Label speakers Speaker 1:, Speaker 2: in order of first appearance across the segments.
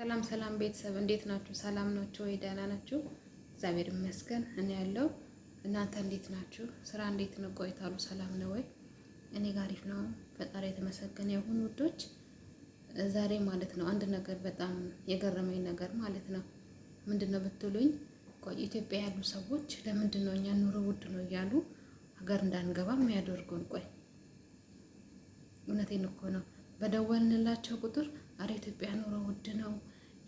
Speaker 1: ሰላም ሰላም ቤተሰብ እንዴት ናችሁ? ሰላም ናችሁ ወይ? ደህና ናችሁ? እግዚአብሔር ይመስገን እኔ ያለው እናንተ እንዴት ናችሁ? ስራ እንዴት ነው? ቆይታሉ ሰላም ነው ወይ? እኔ ጋር አሪፍ ነው፣ ፈጣሪ የተመሰገነ ይሁን። ውዶች ዛሬ ማለት ነው አንድ ነገር በጣም የገረመኝ ነገር ማለት ነው ምንድን ነው ብትሉኝ፣ ቆይ ኢትዮጵያ ያሉ ሰዎች ለምንድን ነው እኛ ኑሮ ውድ ነው እያሉ ሀገር እንዳንገባ የሚያደርጉን? ቆይ እውነቴን እኮ ነው በደወልንላቸው ቁጥር አረ ኢትዮጵያ ኑሮ ውድ ነው፣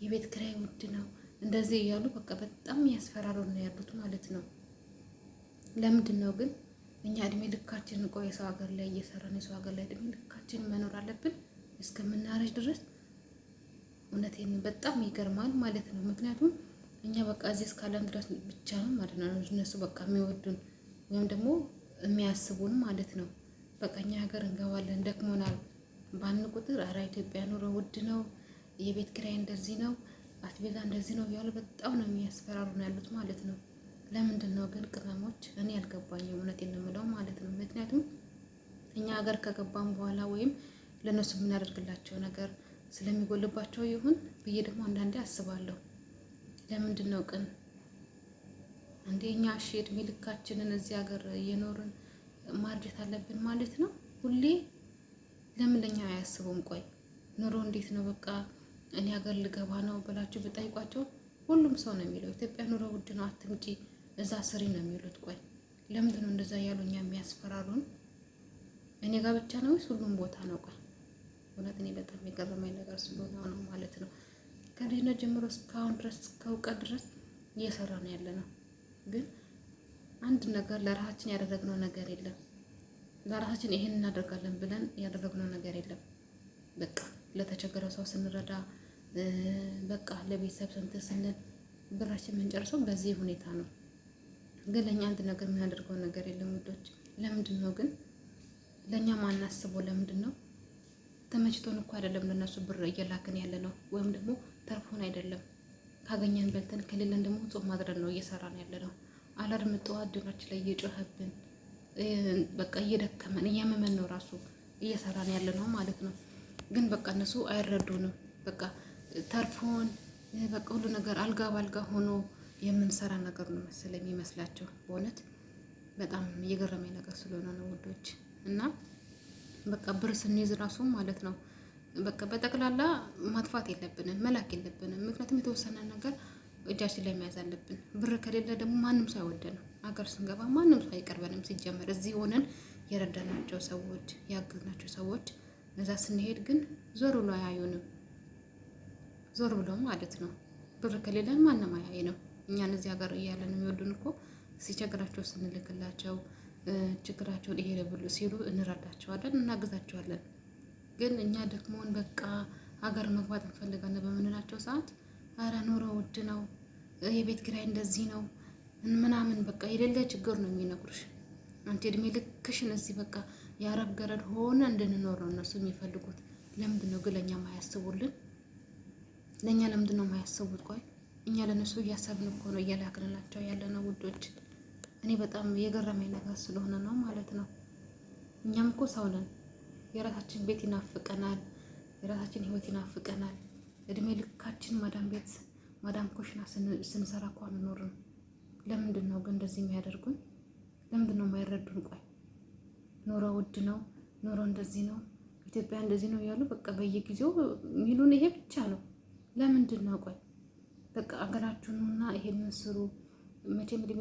Speaker 1: የቤት ክራይ ውድ ነው፣ እንደዚህ እያሉ በቃ በጣም ያስፈራሩ ነው ያሉት ማለት ነው። ለምንድን ነው ግን እኛ እድሜ ልካችን ቆይ የሰው ሀገር ላይ እየሰራን የሰው ሀገር ላይ እድሜ ልካችን መኖር አለብን እስከምናረጅ ድረስ? እውነቴን በጣም ይገርማል ማለት ነው። ምክንያቱም እኛ በቃ እዚህ እስካለን ድረስ ብቻ ነው ማለት ነው እነሱ በቃ የሚወዱን ወይም ደግሞ የሚያስቡን ማለት ነው። በቃ እኛ ሀገር እንገባለን ደክሞናል ባን ቁጥር አራ ኢትዮጵያ ኑሮ ውድ ነው፣ የቤት ኪራይ እንደዚህ ነው፣ አስቤዛ እንደዚህ ነው እያሉ በጣም ነው ነው ያሉት ማለት ነው። ለምንድን ነው ግን ቅመሞች? እኔ ያልገባኝም እውነት ነው የምለው ማለት ነው። ምክንያቱም እኛ ሀገር ከገባም በኋላ ወይም ለእነሱ የምናደርግላቸው ነገር ስለሚጎልባቸው ይሁን ብዬ ደግሞ አንዳንዴ አስባለሁ። ለምንድን ነው ቅን እንደ እኛ እሺ እድሜ ልካችንን እዚህ ሀገር እየኖርን ማርጀት አለብን ማለት ነው ሁሌ ለምንደኛ አያስቡም? ቆይ ኑሮ እንዴት ነው? በቃ እኔ ሀገር ልገባ ነው ብላችሁ ብጠይቋቸው ሁሉም ሰው ነው የሚለው ኢትዮጵያ ኑሮ ውድ ነው፣ አትምጪ፣ እዛ ስሪ ነው የሚሉት። ቆይ ለምንድን ነው እንደዛ ያሉ እኛ የሚያስፈራሩን? እኔ ጋር ብቻ ነው ወይስ ሁሉም ቦታ ነው? ቆይ እውነት እኔ በጣም የገረመኝ ነገር ስለሆነ ነው ማለት ነው። ከልጅነት ጀምሮ እስካሁን ድረስ እስከእውቀት ድረስ እየሰራ ነው ያለ ነው። ግን አንድ ነገር ለራሳችን ያደረግነው ነገር የለም። ለራሳችን ይሄን እናደርጋለን ብለን ያደረግነው ነገር የለም። በቃ ለተቸገረ ሰው ስንረዳ፣ በቃ ለቤተሰብ ስንት ስንል ብራችን የምንጨርሰው በዚህ ሁኔታ ነው። ግን ለእኛ አንድ ነገር የምናደርገው ነገር የለም ውዶች። ለምንድን ነው ግን ለእኛ ማናስበው? ለምንድን ነው ተመችቶን እኮ አይደለም ለእነሱ ብር እየላክን ያለ ነው። ወይም ደግሞ ተርፎን አይደለም ካገኘን በልተን ከሌለን ደግሞ ጾም ማድረግ ነው እየሰራን ያለ ነው። አላድምጠዋ ድናችን ላይ እየጮኸብን በቃ እየደከመን እያመመን ነው ራሱ እየሰራን ያለ ነው ማለት ነው። ግን በቃ እነሱ አይረዱንም። በቃ ተርፎን በቃ ሁሉ ነገር አልጋ ባልጋ ሆኖ የምንሰራ ነገር ነው መሰለኝ የሚመስላቸው። በእውነት በጣም እየገረመኝ ነገር ስለሆነ ነው ውዶች። እና በቃ ብር ስንይዝ ራሱ ማለት ነው በቃ በጠቅላላ ማጥፋት የለብንም መላክ የለብንም ምክንያቱም የተወሰነ ነገር እጃችን ላይ መያዝ አለብን። ብር ከሌለ ደግሞ ማንም ሰው አይወደንም። አገር ስንገባ ማንም ሰው አይቀርበንም። ሲጀመር እዚህ ሆነን የረዳናቸው ሰዎች ያገዝናቸው ሰዎች እዛ ስንሄድ ግን ዞር ብሎ አያዩንም። ዞር ብሎ ማለት ነው ብር ከሌለን ማንም ነው እኛን እዚህ ሀገር እያለን የሚወዱን እኮ ሲቸግራቸው ስንልክላቸው ችግራቸውን ይሄ ብሉ ሲሉ እንረዳቸዋለን፣ እናግዛቸዋለን። ግን እኛ ደክሞን በቃ ሀገር መግባት እንፈልጋለን በምንላቸው ሰዓት አረ ኑሮ ውድ ነው፣ የቤት ኪራይ እንደዚህ ነው ምናምን በቃ የሌለ ችግር ነው የሚነግሩሽ። አንቺ እድሜ ልክሽን እዚህ በቃ የአረብ ገረድ ሆነ እንድንኖር ነው እነሱ የሚፈልጉት። ለምንድን ነው ግን ለእኛ ማያስቡልን? ለእኛ ለምንድን ነው ማያስቡት? ቆይ እኛ ለነሱ እያሰብን እኮ ነው እያላክንላቸው ያለነው ውዶች። እኔ በጣም የገረመኝ ነገር ስለሆነ ነው ማለት ነው። እኛም እኮ ሰው ነን። የራሳችን ቤት ይናፍቀናል፣ የራሳችን ህይወት ይናፍቀናል። እድሜ ልካችን ማዳም ቤት ማዳም ኮሽና ስንሰራ እኮ አንኖርም። ለምንድን ነው ግን እንደዚህ የሚያደርጉን? ለምንድን ነው የማይረዱን? ቆይ ኑሮ ውድ ነው፣ ኑሮ እንደዚህ ነው፣ ኢትዮጵያ እንደዚህ ነው እያሉ በቃ በየጊዜው የሚሉን ይሄ ብቻ ነው። ለምንድን ነው ቆይ በቃ አገራችሁ ኑና ይሄንን ስሩ። መቼም እድሜ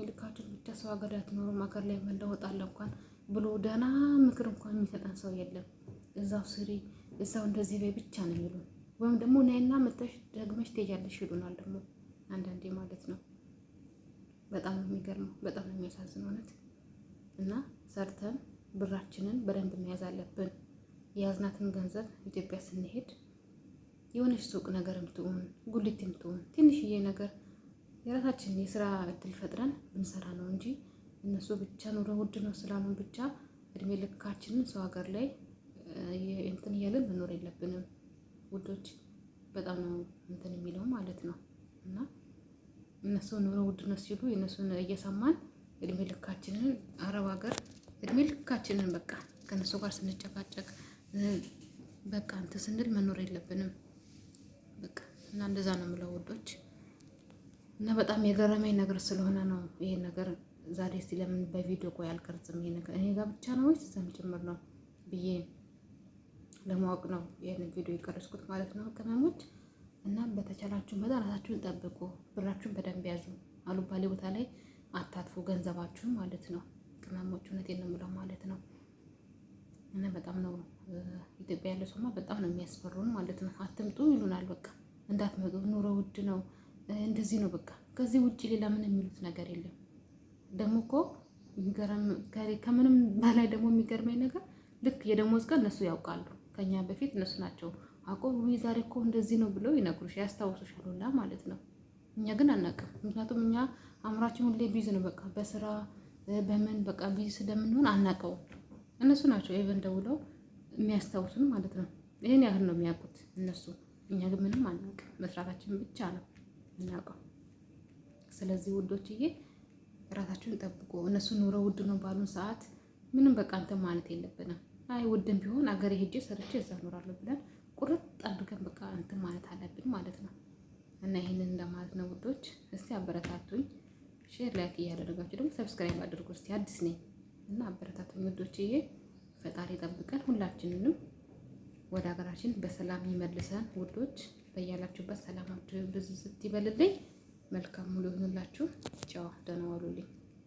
Speaker 1: ብቻ ሰው ሀገር አትኖሩም። ሀገር ላይ መለወጥ አለ እንኳን ብሎ ደህና ምክር እንኳን የሚሰጠን ሰው የለም። እዛው ስሪ፣ እዛው እንደዚህ በይ ብቻ ነው የሚሉን። ወይም ደግሞ ነይና መተሽ ደግመሽ ትሄጃለሽ ይሉናል ደግሞ አንዳንዴ ማለት ነው። በጣም ነው የሚገርመው፣ በጣም ነው የሚያሳዝን እውነት። እና ሰርተን ብራችንን በደንብ መያዝ አለብን። የያዝናትን ገንዘብ ኢትዮጵያ ስንሄድ የሆነች ሱቅ ነገርም ትሁን ጉሊትም ትሁን ትንሽዬ ነገር የራሳችን የስራ እድል ፈጥረን ብንሰራ ነው እንጂ እነሱ ብቻ ኑሮ ውድ ነው ስላሉን ብቻ እድሜ ልካችንን ሰው ሀገር ላይ እንትን እያልን መኖር የለብንም ውዶች። በጣም ነው እንትን የሚለው ማለት ነው እና እነሱ ኑሮ ውድነት ሲሉ የእነሱን እየሰማን እድሜ ልካችንን አረብ ሀገር እድሜ ልካችንን በቃ ከእነሱ ጋር ስንጨቃጨቅ በቃ እንትን ስንል መኖር የለብንም በቃ እና እንደዛ ነው የምለው ውዶች። እና በጣም የገረመኝ ነገር ስለሆነ ነው ይሄ ነገር ዛሬ እስቲ ለምን በቪዲዮ ቆይ አልቀርጽም ይሄ ነገር እኔ ጋር ብቻ ነው ወይስ እዛም ጭምር ነው ብዬ ለማወቅ ነው ይህን ቪዲዮ የቀረጽኩት ማለት ነው ቅመሞች እናም በተቻላችሁ መጠን ራሳችሁን ጠብቁ። ብራችሁን በደንብ ያዙ። አሉባሌ ቦታ ላይ አታጥፉ ገንዘባችሁን ማለት ነው። ቅመሞች እውነት ነው የምለው ማለት ነው። እና በጣም ነው ኢትዮጵያ ያለ ሰውማ በጣም ነው የሚያስፈሩን ማለት ነው። አትምጡ ይሉናል። በቃ እንዳትመጡ ኑሮ ውድ ነው እንደዚህ ነው በቃ። ከዚህ ውጭ ሌላ ምን የሚሉት ነገር የለም። ደግሞ እኮ ከምንም በላይ ደግሞ የሚገርመኝ ነገር ልክ የደሞዝ ቀን እነሱ ያውቃሉ ከኛ በፊት እነሱ ናቸው አቆም ወይ ዛሬ እኮ እንደዚህ ነው ብለው ይነግሩሽ ያስታውሱሻል ሁላ ማለት ነው። እኛ ግን አናውቅም። ምክንያቱም እኛ አእምሯችን ሁሌ ቢዝ ነው። በቃ በስራ በምን በቃ ቢዝ ስለምንሆን አናውቀውም። እነሱ ናቸው ኢቨን ደውለው የሚያስታውሱን ማለት ነው። ይህን ያህል ነው የሚያውቁት እነሱ። እኛ ግን ምንም አናውቅም። መስራታችን ብቻ ነው እናውቀው። ስለዚህ ውዶችዬ ራሳችሁን ጠብቆ እነሱ ኑሮ ውድ ነው ባሉን ሰዓት ምንም በቃ እንትን ማለት የለብንም። አይ ውድም ቢሆን አገሬ ሄጄ ሰርቼ እዛ እኖራለሁ ብለን እንትን ማለት አለብን ማለት ነው። እና ይህንን እንደማለት ነው ውዶች። እስቲ አበረታቱኝ፣ ሼር ላይክ እያደረጋችሁ ደግሞ ሰብስክራይብ አድርጉ። እስቲ አዲስ ነኝ እና አበረታቱኝ ውዶችዬ። ፈጣሪ ጠብቀን ሁላችንንም ወደ ሀገራችን በሰላም ይመልሰን ውዶች። በያላችሁበት ሰላማችሁ ብዙ ስትይበልልኝ መልካም ሙሉ ይሁንላችሁ። ጫዋ ደህና ዋሉልኝ።